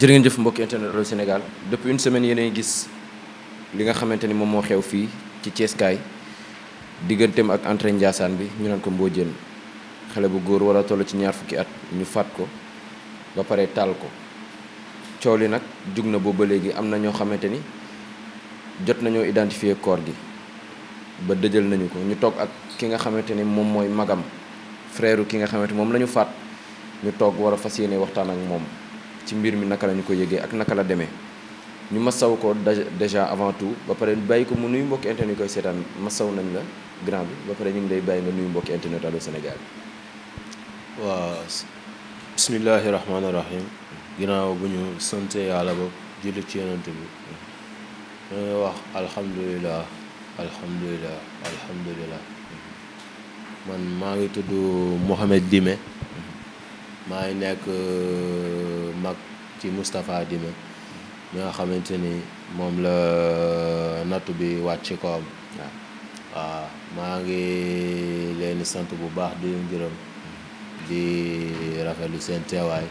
jërë ngeen jëf mbokki internet Allô Sénégal depuis une semaine yéenay gis li nga xamante ni moom moo xew fii ci Ceeskaay digganteem ak entrée Ndiassane bi ñu naan ko Mbodiène xale bu góor wala toll ci ñaar fukki at ñu faat ko ba pare taal ko coow li nag jug na boobu ba léegi am na ñoo xamante ni jot nañoo identifier koor gi ba dëjal nañu ko ñu toog ak ki nga xamante ni moom mooy magam frère ki nga xamante moom la ñu faat ñu toog war a fas yéene waxtaan ak moom. ci mbir mi naka lañu ko yëgee ak naka la demee ñu ma saw ko déjà avant tout ba pare bàyyi ko mu nuyu mbokk internet yi koy seetaan masaw nañ la grand bi ba pare ñu ngi lay bàyyi nga nuyu mbokki internet Allô Sénégal waa bismillahi rahmaani rahim ginnaaw bu ñu sante yàlla ba jullit ci yonent bi dañuy wax alhamdulilah alhamdulilah man maa ngi tudd Mohamed Dime maa ngi nekk mag ci Moustapha Dima ñoo xamante ni moom la euh, nattu bi wàcc ko am waaw maa ngi leen sant bu baax di leen di di rafetlu seen teewaay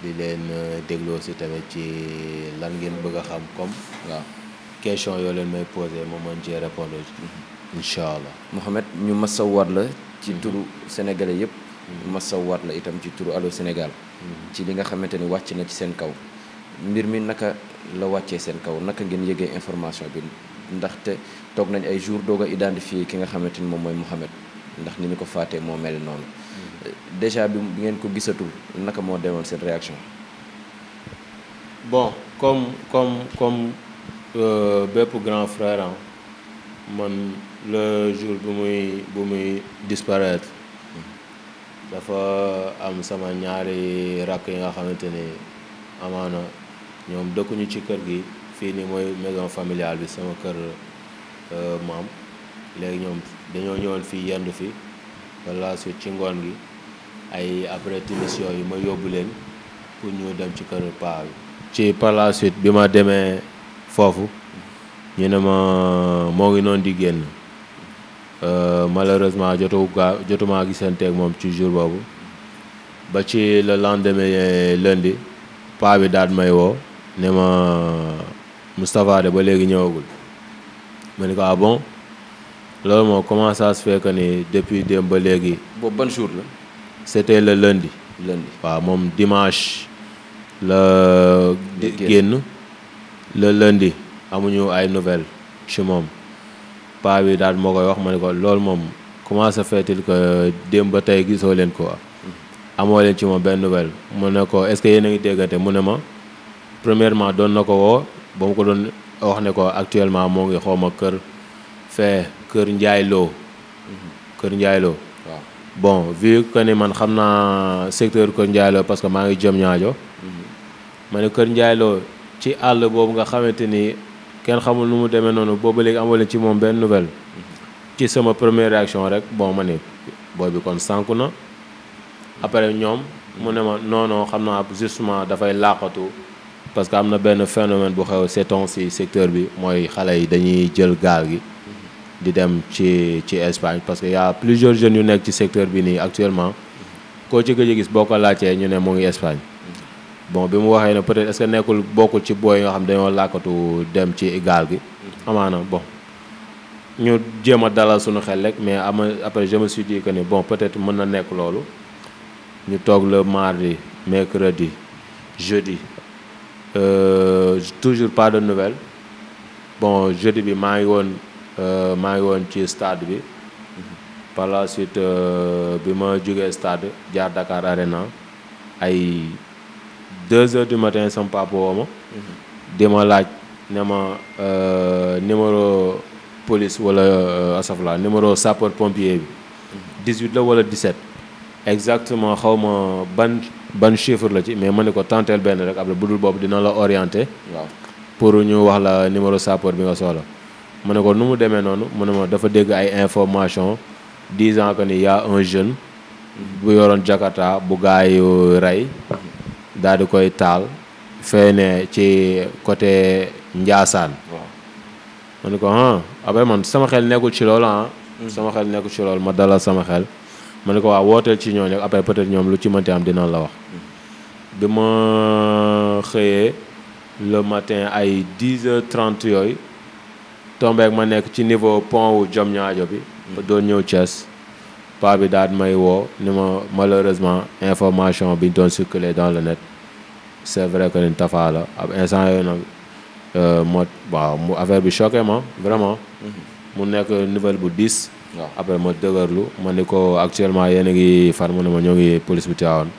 di leen euh, dégloo si tamit ci lan ngeen bëgg a xam comme waaw question yoo leen may posé moom mën cee répondre mm-hmm. incha allah Mouhamed ñu masa war la ci mm-hmm. turu sénégalais yëpp waat la itam ci turu Allô Sénégal ci li nga xamante ni wàcc na ci seen kaw mbir mi naka la wàccee seen kaw naka ngeen yëgee information bi ndaxte toog nañ ay jour doog a identifier ki nga xamante ni moom mooy Mouhamed ndax ni ñu ko faatee moo mel noonu déjà bi ngeen ko gisatul naka moo demoon seen réaction bon comme comme comme euh, bépp grand frère man le jour bu muy bu muy dafa am sama ñaari rakk yi nga xamante ni amaana ñoom dëkkuñu ci kër gi fii nii mooy maison familiale bi sama kër euh, maam léegi ñoom dañoo ñëwoon fii yendu fi walla ci ngoon gi ay après timis yooyu ma yóbbu leen pour ñu dem ci kër paa ci par bi ma demee foofu ñu ne ma moo ngi noonu di génn Euh, malheureusement jotu gaa jotumaa gisanteeg moom ci jour boobu ba ci le lendemain lundi paa bi daat may woo ne ma Moustapha de ba léegi ñëwagul ma ne ko ah bon loolu moo comment ça se fait que ni depuis démb ba léegi. boobu ban jour la. c'était le lundi. lundi moom dimanche la. génn le lundi amuñu ay nouvelles ci moom. paa bi daal moo koy wax ma ne ko loolu moom comment se fait-il démb ba tey gisoo leen quoi. Mm-hmm. amoo leen ci moom benn nouvelle mu ne ko est-ce que yéen a ngi déggante mu ne ma premièrement doon na ko woo ba mu ko doon wax ne ko actuellement moo ngi xaw ma kër fee kër njaay loo mm-hmm. kër Ndiaye Lo. waaw bon vu que ni man xam naa secteur kër Ndiaye Lo parce que maa ngi jëm ñaajo mm-hmm. ma ne kër Ndiaye Lo ci àll boobu nga xamante ni. kenn xamul nu mu demee noonu booba léegi amoo leen ci moom benn nouvelle ci sama première réaction rek boo ma ne booy bi kon sànku na après ñoom mu ne ma non xam naa justement dafay laaxatu parce que am na benn phénomène bu xew ces temps secteur bi mooy xale yi dañuy jël gaal gi di dem ci ci Espagne parce que y a plusieurs jeunes yu nekk ci secteur bi nii actuellement koo ci gis boo ko laajtee ñu ne mu ngi Espagne bon bi mu waxee ne peut-être est-ce que nekkul bokkul ci booy nga xam dañoo làkkatu dem ci gaal gi. amaana bon ñu jéem a dalal suñu xel rek mais ama après je me suis dit ni bon peut-être mën na nekk loolu ñu toog le mardi mercredi jeudi euh, toujours pas de nouvelle bon jeudi bi maa ngi woon euh, maa ngi woon ci stade bi par la suite euh, bi ma jógee stade jaar Dakar Arena ay. deux heures du matin sama papa woo ma mhm. di ma laaj ne ma euh, numéro police wala euh, asafla numéro sapeur pompier bi 18 mhm. la wala 17 exactement xaw ma ban ban chiffre la ci mais ma ne ko tenteel benn rek après bu dul boobu dina la orienté waaw pour ñu wax la numéro sapor bi nga soxla ma ne ko nu mu demee noonu mu ne ma dafa dégg ay information disant que ni y un jeune mhm. bu yoroon Jakarta bu gaayu rey daal di koy taal fee ne ci côté Njaasaan ma ne ko ah après man sama xel nekkul ci loolu ah hmm. sama xel nekkul ci lool ma dalal sama xel ma ne ko waaw wooteel ci ñoom ñooñu après peut-être ñoom lu ci mënti am dinañ la wax hmm. bi ma xëyee le matin ay 10 heures yooyu tombeek ma nekk ci niveau pont wu Diamniadio bi hmm. doon ñëw Thiès paa bi daal may woo ni ma malheureusement information bi doon circuler dans le net c'est vrai que ni Tapha la ab instant yooyu nag euh, moo waaw mu affaire bi choqué ma vraiment mm-hmm. mu nekk nouvelle bu dis waaw après ma dëgërlu ma ni ko actuellement yéen a ngi far mu ne ma ñoo ngi police bu Tivaouane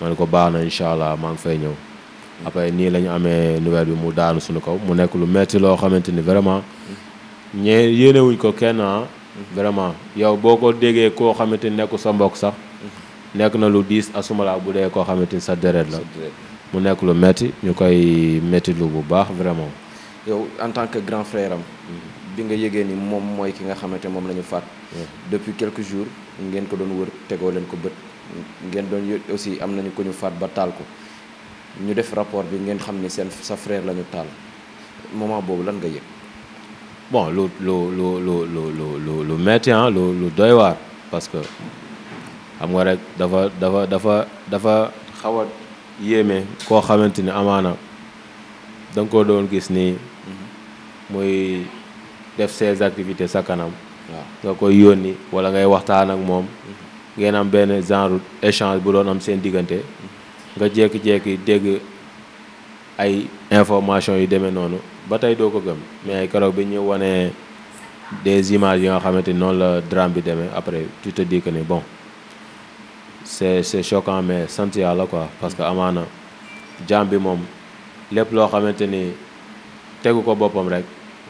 ma ni ko baax na incha allah maa ngi fay ñëw mm-hmm. après nii la amee nouvelle bi mu daanu suñu kaw mu nekk lu metti loo xamante ni vraiment mm-hmm. ñee yéenewuñ ko kenn ah. vraiment yow boo ko déggee koo xamante ni nekku sa mbokk sax nekk na lu diis laa bu dee koo xamante ni sa deret la mu nekk lu metti ñu koy metti lu bu baax vraiment yow en tant que grand frère am bi nga yëgee ni moom mooy ki nga xamante moom la ñu faat depuis quelque jours ngeen ko doon wër tegoo leen ko bët ngeen doon yë aussi am nañu ko ñu faat ba taal ko ñu def rapport bi ngeen xam ni seen sa frère la ñu taal moment boobu lan nga yëg bon lu lu lu lu lu lu lu metti ah lu lu doy waar parce que xam nga rek dafa dafa dafa dafa xaw a yéeme koo xamante ni amaana da nga ko doon gis nii muy def ses activités sa kanam. nga koy yónni wala ngay waxtaan ak moom. Mm-hmm. ngeen am benn genre échange bu doon am seen diggante. Mm-hmm. nga jékki-jékki dégg ay information yu demee noonu. ba tey doo ko gëm mais keroog bi ñuy wanee des images yi nga xamante ni noonu la drame bi demee après tu di dis que ni bon c'est c'est choquant mais sant yàlla quoi parce que amaana jaam bi moom lépp loo xamante ni tegu ko boppam rek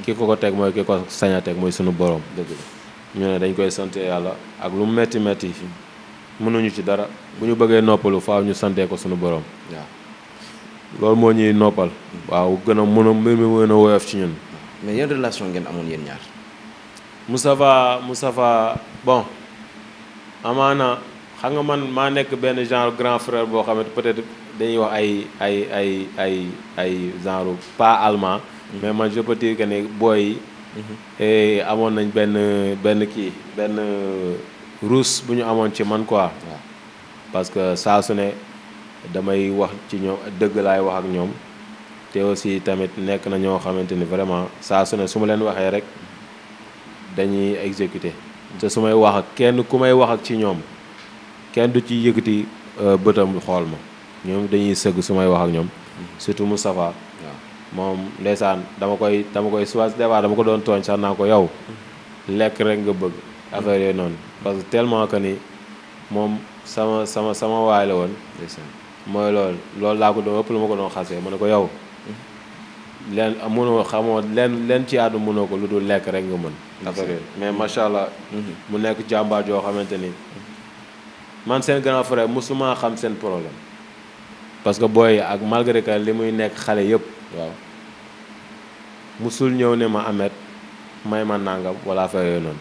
ki ko ko teg mooy ki ko saña a teg mooy suñu borom. dëgg ñu ne dañ koy sante yàlla ak lu mu metti metti mënuñu ci dara bu ñu bëggee noppalu faaw ñu santee ko suñu borom waaw. loolu moo ñuy noppal. waaw gën a mën mbir mi mën a woyof ci ñun. mais yan relation ngeen amoon yéen ñaar. Moustapha Moustapha bon amaana xam nga man maa nekk benn genre grand frère boo xamante peut-être dañuy wax ay ay ay ay ay genre pas allemand. Mm-hmm. mais man je peux dire ne booy mm-hmm. eh, amoon nañ benn benn kii benn ruus bu ñu amoon ci man quoi. parce que saa su ne. damay wax ci ñoom dëgg laay wax ak ñoom te aussi tamit nekk na ñoo xamante ni vraiment saa su ne su ma leen waxee rek dañuy exécuter te su may wax ak kenn ku may wax ak ci ñoom kenn du ci yëkkati euh, bëtam xool ma ñoom dañuy sëgg su may wax ak ñoom mm-hmm. surtout mu Moustapha moom ndeysaan dama koy dama koy soit débat dama ko doon tooñ sax naa ko yow mm-hmm. lekk rek nga bëgg affaire yooyu noonu parce que tellement que ni moom sama sama sama waay la woon mooy loolu laa ko doon ëpp lu ma ko doon xasee man ne ko yow leen mënoo xamoo leen leen ci àdduna mënoo ko lu dul lekk rek nga mën. affaire mais macha allah. Mm-hmm. mu nekk jàmbaar joo xamante ni man seen grand frère mosuma xam seen problème. parce que booy ak malgré que li muy nekk xale yëpp. waaw ñëw ne ma amet may ma nangam wala affaire yooyu noonu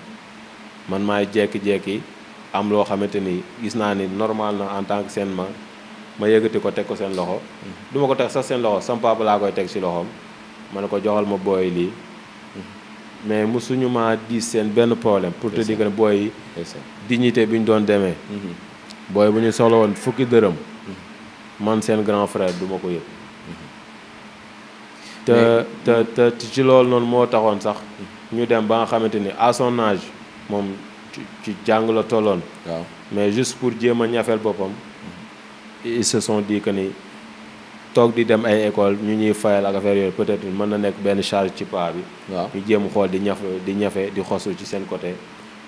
man maay jékki-jékki am loo xamante ni gis naa ni normalement en tant que seen ma ma yëgati ko teg ko seen loxo du ma ko teg sax seen loxo sam papa laa koy teg si loxoom ma ne ko joxal ma booy lii mais mu suñu maa diis seen benn problème pour te dire que booy yi dignité bi ñu doon demee mhm. booy bu ñu soxla woon fukki dërëm mhm. man seen grand frère du ko yëg mhm. te te te ci loolu noonu moo taxoon sax ñu dem ba nga xamante ni à moom ci jàng la tolloon waaw mais juste pour jéem a ñafeel boppam ils se sont dit que ni toog di dem ay école ñu ñuy fayal ak affaire yooyu peut-être mën na nekk benn charge ci paa bi. waaw ñu jéem xool di ñafe di ñafe di xosu ci seen côté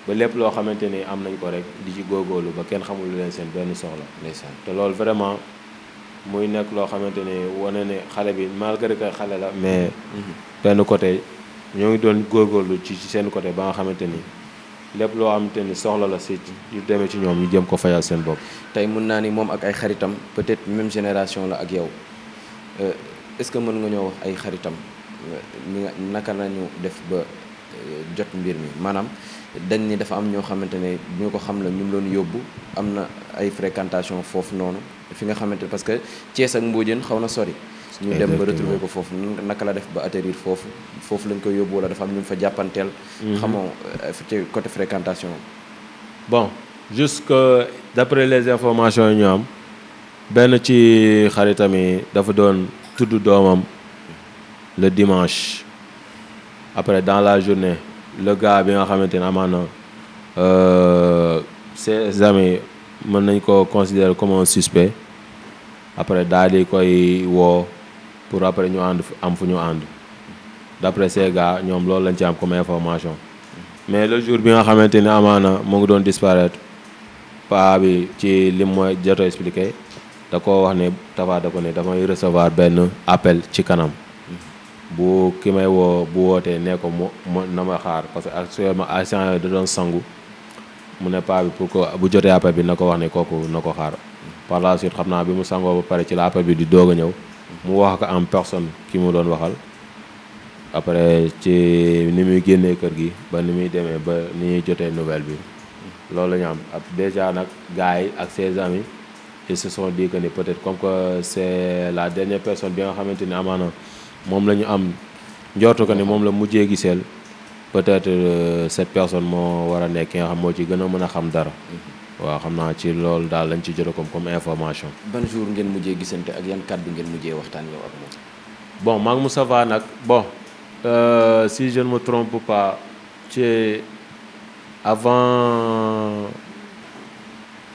ba lépp loo xamante ni am nañ ko rek di ci góorlu ba kenn xamul lu leen seen benn soxla. ndeysaan te loolu vraiment muy nekk loo xamante ni wane ne xale bi malgré que xale la mais. Mhm. benn côté ñoo ngi doon góorgóorlu ci ci seen côté ba nga xamante ni. lépp loo xamante ni soxla la si yu demee ci ñoom ñu jëm ko fayal seen bopp. tey mun naa ni moom ak ay xaritam peut-être même génération la ak yow euh, est-ce que mën nga ñoo wax ay xaritam ni nga naka nañu def ba euh, jot mbir mi maanaam dañ ni dafa am ñoo xamante ne ñu ko xam na ñum doon yóbbu am na ay fréquentation foofu noonu fi nga xamante parce que Thiès ak Mbodiène xaw na sori. ñu dem ba retrouver ko foofu naka la def ba atterrir foofu foofu lañ koy yóbbu wala dafa am ñu fa jàppanteel mhm. xamoo euh, ci côté fréquentation bon jusque d'après les informations yi ñu am benn ci xaritam yi dafa doon tudd doomam le dimanche après dans la journée le gars bi nga xamante ne amaana euh, ses amis mën nañ ko considérer comme un suspect après daal di koy woo pour après ñu ànd am fu ñu ànd d'après ces ñoom loolu lañ ci am comme information mais le jour bi nga xamante ni amaana moo ngi doon disparaître paa bi ci lim ma jot a expliqué da koo wax ne Tapha da ko ne damay recevoir benn appel ci kanam bu ki may woo bu wootee nee ko mu na ma xaar parce que actuellement agent yooyu da doon sangu mu ne paa bi pour que bu jotee appel bi na ko wax ne kooku na ko xaar par la suite xam naa bi mu sangoo ba pare ci la appel bi di doog a ñëw mu wax ko en personne ki mu doon waxal après ci ni muy génnee kër gi ba ni muy demee ba ni ñuy jotee nouvelle bi loolu la ñu am ab déjà nag gars yi ak ses amis ils se sont que ni peut-être comme que c'est la dernière personne bi nga xamante ni amaana moom la ñu am njortu ko ni moom la mujjee giseel peut-être set euh, personne moo war a nekk ki nga xam moo ci gën a mën a xam dara mm-hmm. waaw xam naa ci lool daal lañ ci jëlee comme comme information. ban jour ngeen mujjee gisante ak yan kàddu ngeen mujjee waxtaan yow ak moom. bon maa ngi Moustapha nag bon euh, si je ne pas ci avant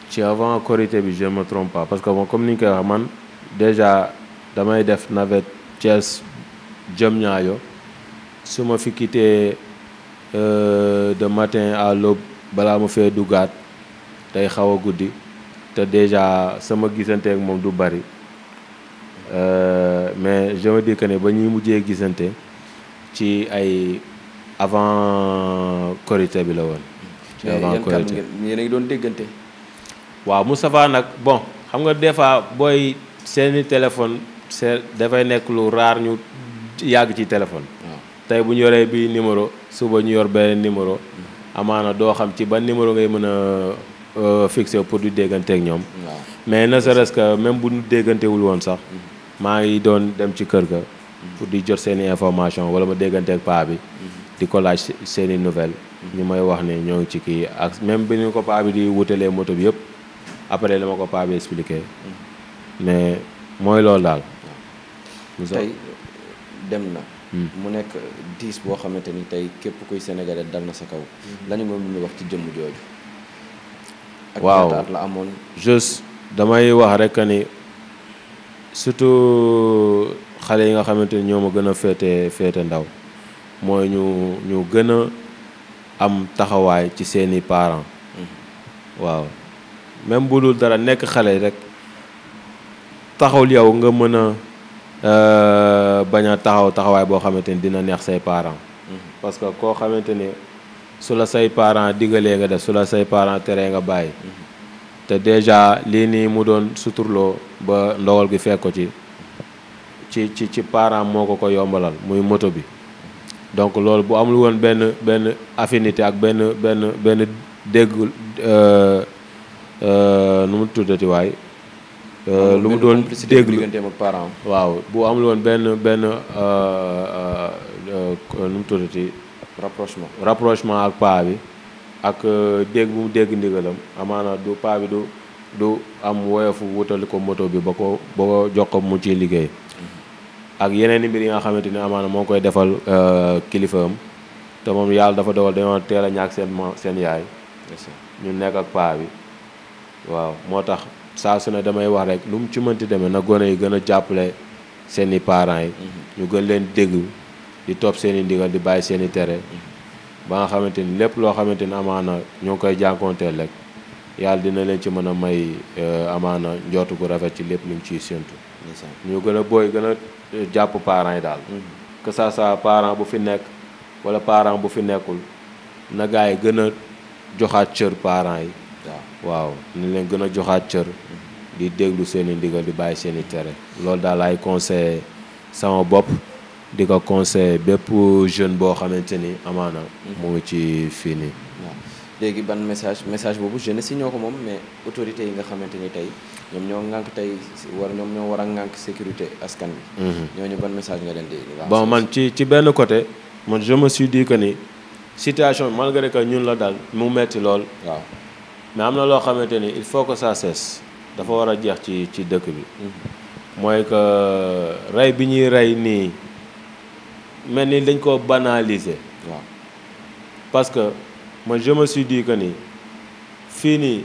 ci avant Korité bi je ne me pas parce que bon comme ni ñu koy wax man déjà damay def navette Thiès jëm ñaayo su ma fi euh, de matin à l'aube balaa ma fee duggaat. tey xaw a guddi te déjà sama gisante ak moom du bari euh, mais je me dis ne ba ñuy mujjee gisante ci ay avant Korité bi la woon. ci avant Korité yéen a ngi doon déggante. waaw Moustapha nag bon xam nga des fois booy seeni téléphone c'est dafay nekk lu raar ñu yàgg ci téléphone. tey bu ñu yoree bii numéro suba ñu yor benn numéro. Mm. amaana doo xam ci ban numéro ngay mën a. Euh, fixé pour di déggante ak ñoom. mais ne serait-ce que même bu ñu déggantewul woon sax. Mm-hmm. maa ngi doon dem ci kër ga. pour di jot seen i information wala ma déggante ak paa bi. Mm-hmm. di ko laaj seen i nouvelle mm-hmm. ñu may wax ne ñoo ngi ci kii ak même bi ñu ko paa bi di wutalee moto bi yëpp après la ko paa bi expliqué. mais mooy loolu daal. tey dem na. Mm. mu nekk diis boo xamante ni tey képp kuy sénégalais dal na sa kaw. lañu moom mun ñu wax ci jëmm jooju. waaw at la amoon juste damay wax rek ni surtout xale yi nga xamante ni ñoo ma gën a féete féete ndaw mooy ñu ñu gën a am taxawaay ci seeni parent mm-hmm. waaw même bu dul dara nekk xale yi rek taxawul yow nga mën a euh, bañ a taxaw taxawaay boo xamante ni dina neex say parent mm-hmm. parce que koo xamante ni su la say parent digalee nga def su la say parent teree nga bàyyi te déjà lii nii mu doon suturloo ba ndawal gi fekk ko ci ci ci ci parent moo ko ko yombalal muy moto bi donc loolu bu amul woon benn benn affinité ak benn benn benn dégg euh, euh, nu mu tuddati waay euh, lu mu doon déglu waaw bu amul woon benn benn nu mu tuddati rapprochement rapprochement ak paa bi ak euh, dégg bu mu dégg ndigalam amaana du paa bi du du am woyofu wutali ko moto bi ba ko ba ko jox ko mu ciy liggéey mm-hmm. ak yeneen i mbir yi nga xamante ni amaana moo koy defal euh, kilifaam te moom yàlla dafa dogal dañoo teel ñàkk seen seen yaay. ñu nekk ak paa bi waaw moo tax saa su ne damay wax rek lu mu ci mënti demee na gone yi gën a jàppale seeni parents yi. Mm-hmm. ñu gën leen dégg. di topp seen i ndigal di bàyyi seeni i tere ba nga xamante ni lépp loo xamante ni amaana ñoo koy jànkoonteel rek yàlla dina leen ci mën a may euh, amaana njootu gu rafet ci lépp luñ ciy séntu. ñu gën a booy gën a euh, jàpp parent yi daal. Mm-hmm. que parent bu fi nekk wala parent bu fi nekkul na yi gën a joxaat cër parents yi. waaw ni leen gën a joxaat cër mm-hmm. di déglu seen i ndigal di bàyyi seen i tere loolu daal laay conseillé sama bopp. di ko conseillé bépp jeune boo xamante ni amaana. Mhm. mu ngi ci fii nii. léegi ban message message boobu jeune si ñoo ko moom mais autorités yi nga xamante ni tey ñoom ñoo ŋànk tey war ñoom ñoo war a ŋànk sécurité askan bi mhm. ñoo ñu ban message nga leen di. bon man ci ci benn côté man je me suis que ni situation bi malgré que ñun la daal mu metti lool. waaw mais am na loo xamante ni il faut que ça cesse dafa war a jeex ci ci dëkk bi. Mhm. mooy que rey bi ñuy rey nii. mel ni dañ ko banaliser waaw parce que man je me suis ni fii nii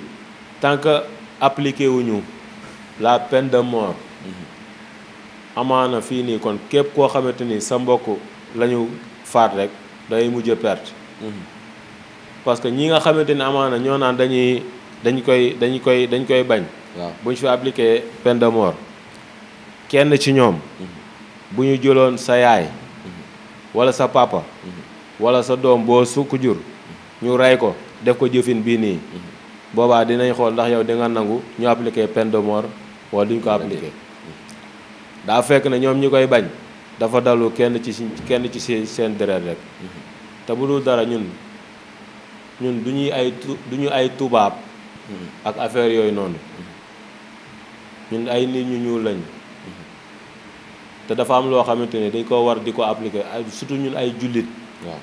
tant que appliqué wuñu la peine de mort mm-hmm. amaana fii nii kon képp koo xamante ni sa mbokk la ñu faat rek day mujj perte mm-hmm. parce que ñi nga xamante ni amaana ñoo naan dañuy dañ koy dañ koy dañ koy bañ waaw bu ñu fi appliqué peine de mort kenn ci ñoom mm-hmm. bu ñu jëloon sa yaay wala sa papa wala sa doom boo sukk jur ñu rey ko def ko jëfin bii nii boobaa dinañ xool ndax yow di nangu ñu appliqué peine de mort wala duñ ko appliqué daa fekk ne ñoom ñi koy bañ dafa dalu kenn ci kenn ci seen seen deret rek te bu dul dara ñun ñun duñuy ñuy ay du tubaab ak affaire yooyu noonu ñun ay nit ñu ñuul lañ te dafa am loo xamante ne dañ koo war di ko appliquer surtout ñun ay jullit waaw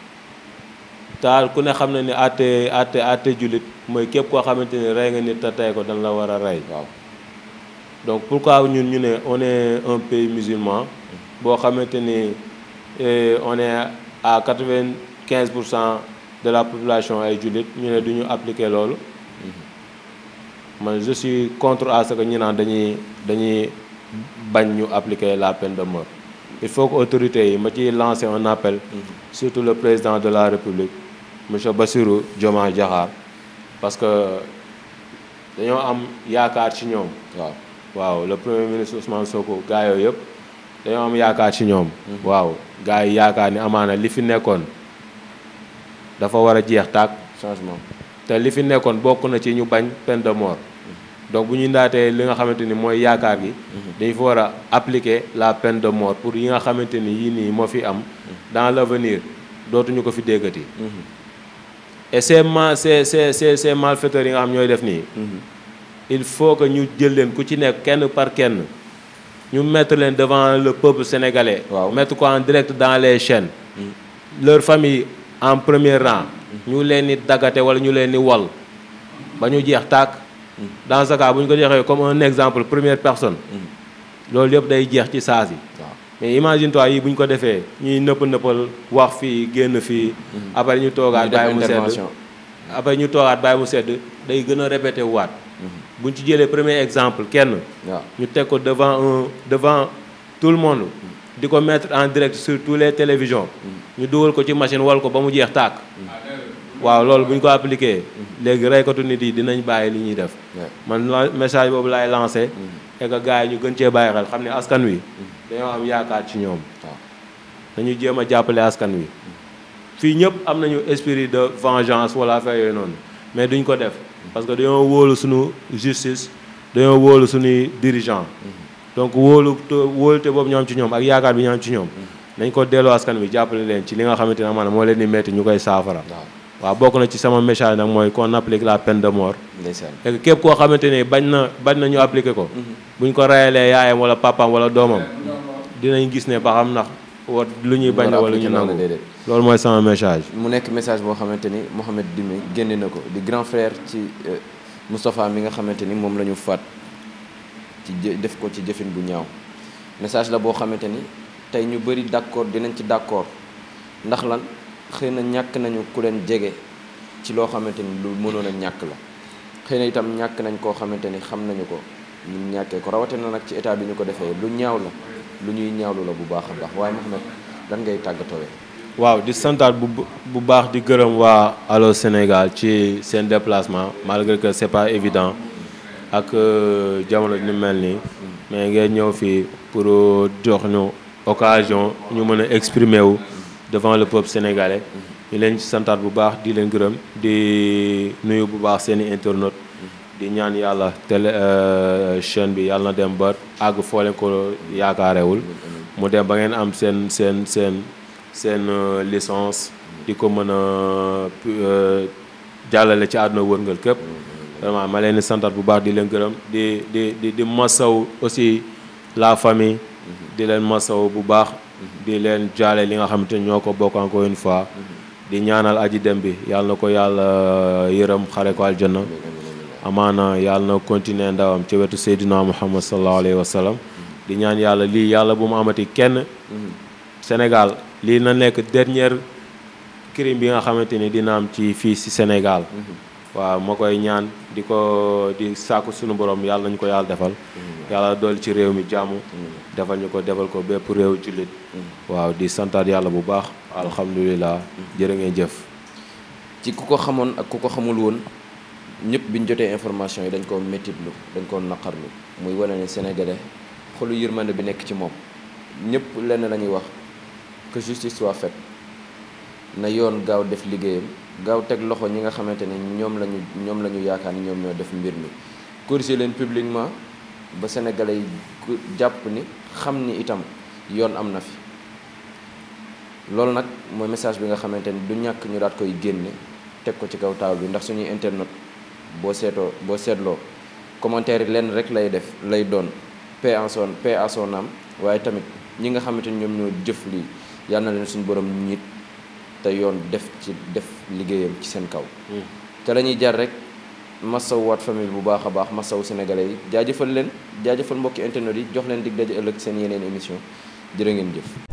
taal ku ne xam ne ni àtte àtte àtte jullit mooy képp koo xamante ne rey nga nit te tey ko dañ la war a rey waaw donc pourquoi ñun ñu ne on est un pays musulman boo xamante ni eh, on est à quatre-vingt-quinze pour cent de la population ay jullit ñu ne du ñu appliquer loolu mm-hmm. man je contre à ce que ñu naan dañuy dañuy bañ ñu appliquer la peine de mort il faut que autorités yi ma ciy lancer un appel mm-hmm. surtout le président de la république monsieur Bassirou Diomaye Diakhar parce que dañoo am yaakaar ci ñoom waaw le premier ministre Ousmane Sonko gars yooyu yëpp dañoo am yaakaar ci ñoom mm-hmm. waaw gars yi yaakaar ni amaana li fi nekkoon dafa war a jeex tàkk changement te li fi nekkoon bokk na ci ñu bañ peine de mort donc bu ñu ndaatee li nga xamante ni mooy yaakaar gi mhm. dañu fa war a appliquer la peine de mort pour yi nga xamante ni yii nii moo fi am dans l'avenir dootuñu ko fi déggati mhm. et ces ma ces ces ces ces yi nga xam ñooy def nii mhm. il faut que ñu jël leen ku ci nekk kenn par kenn ñu mettre leen devant le peuple sénégalais waaw mettre ko en direct dans les chaînes leur famille en premier rang ñu leen di daggate wala ñu leen di wal ba ñu jeex tàkk Mm. dans ce bu ñu ko joxee comme un exemple première personne. Mm. loolu yëpp day jeex ci saa si. mais imagine toi yi bu ñu ko defee ñuy nëpp nëppal wax fii génn fii. Mm. après ñu toogaat bàyyi mu sedd ñu toogaat bàyyi mu sedd day gën a répété waat. Mm-hmm. bu ñu ci jëlee premier exemple kenn. ñu teg ko devant un devant tout le monde. di ko mettre en direct sur tous les télévisions. ñu dugal ko ci machine wal ko ba mu jeex tàkk. waaw loolu bu ñu ko appliqué léegi reykatu nit yi dinañ bàyyi li ñuy def man message boobu laay lancé mm. et que gars ñu gën cee bàyyi xel xam ne askan wi mm. dañoo am yaakaar ci ñoom jéem a jàppale askan wi mm. fii ñëpp am nañu esprit de vengeance wala affaire yooyu noonu mais duñ ko def parce que dañoo wóolu suñu justice dañoo wóolu suñuy dirigeant donc wóolu wóolute boobu ñoo am ci ñoom ak yaakaar bi ñoo am ci ñoom nañ ko dellu askan wi jàppale leen ci li nga xamante ne maanaam moo leen di metti ñu koy saafara waaw bokk na ci sama message nag mooy qu'on applique la pen de mort. et que képp koo xamante ne bañ na bañ na ñu appliquer ko. Mhm. ñu ko rayalee yaayam wala papaam wala doomam. dinañ gis ne ba xam ndax wa lu ñuy bañ na wala ñu nangu loolu mooy sama message. mu nekk message boo xamante ni Mouhamed Dimi génne na ko di grand frère ci euh, Moustapha mi nga xamante ni moom la ñu faat ci def ko ci jëfin bu ñaaw message la boo xamante ni tey ñu bëri d'accord dinañ ci d'accord ndax lan. xëy na ñàkk nañu ku leen jege ci loo xamante ni lu mënoon a ñàkk la xëy na itam ñàkk nañ koo xamante ni xam nañu ko ñu ñàkkee ko rawate na nag ci état bi ñu ko defee lu ñaaw la lu ñuy ñaawlu la bu baax a baax waaye Mouhamed lan ngay tàggatowee waaw di santaat bu bu baax di gërëm waa Allô Sénégal ci seen déplacement malgré que c'est pas évident ak euh, jamono ñu mel nii mm. mais ngeen ñëw fii pour euh, jox ñu occasion ñu mën a exprimer wu devant le peuple sénégalais ñu leen santaat bu baax di leen gërëm di nuyu bu baax seeni internautes di ñaan yàlla télé euh, chaîne bi yàlla na dem ba àgg foo ko yaakaarewul mu dem ba ngeen am seen seen seen seen euh, licence di ko mën a euh, jàllale ci àdduna wërngal képp vraiment ma leen di bu baax di leen gërëm di di di di masaw aussi la famille di leen masaw bu baax di leen jaale li nga xamante ni ñoo ko bokk encore une fois di ñaanal aji dem bi yàlla na ko yàlla yërëm xare ko aljanna amaana yàlla na continuer ndawam ci wetu seydina muhammad sallallahu alayhi wa sallam di ñaan yàlla lii yàlla bu mu amati kenn sénégal lii na nekk dernier crime bi nga xamante ni dina am ci fii si sénégal waaw ma koy ñaan di ko di sàkku sunu borom yàlla nañu ko yàlla defal mm-hmm. yàlla dool ci réew mi jàmm mm-hmm. defal ñu ko defal ko bépp réew jullit mm-hmm. waaw di santaat yàlla bu baax alhamdulilah jërë ngeen jëf ci ku ko xamoon ak ku ko xamul woon ñëpp bi ñu jotee information yi dañ koo méttitlu dañ koo naqarlu muy wane ne sénégalais xolu yërmande bi nekk ci moom ñëpp lenn lañuy wax que justice soit faite na yoon gaaw def liggéeyam gaaw teg loxo ñi nga xamante ne ñoom lañu ñoom la ñu yaakaar ni ñoom ñoo def mbir mi corriger leen publiquement ba sénégalais ku jàpp ni xam ni itam yoon am na fi loolu nag mooy message bi nga xamante ni du ñàkk ñu daat koy génne teg ko ci kaw taabal bi ndax suñuy internet boo seetoo boo seetloo commentaire yi lenn rek lay def lay doon paix en son paix à son waaye tamit ñi nga xamante ni ñoom ñoo jëf lii yàlla na leen suñu borom ñit te yoon def ci def liggéeyam ci seen kaw ca hmm. la ñuy jar rek waat famille bu baax a baax masawu sénégalais yi jaajëfal leen jaajëfal mbokki internet yi jox leen dig daje ëllëg seen yeneen émission jërë ngeen jëf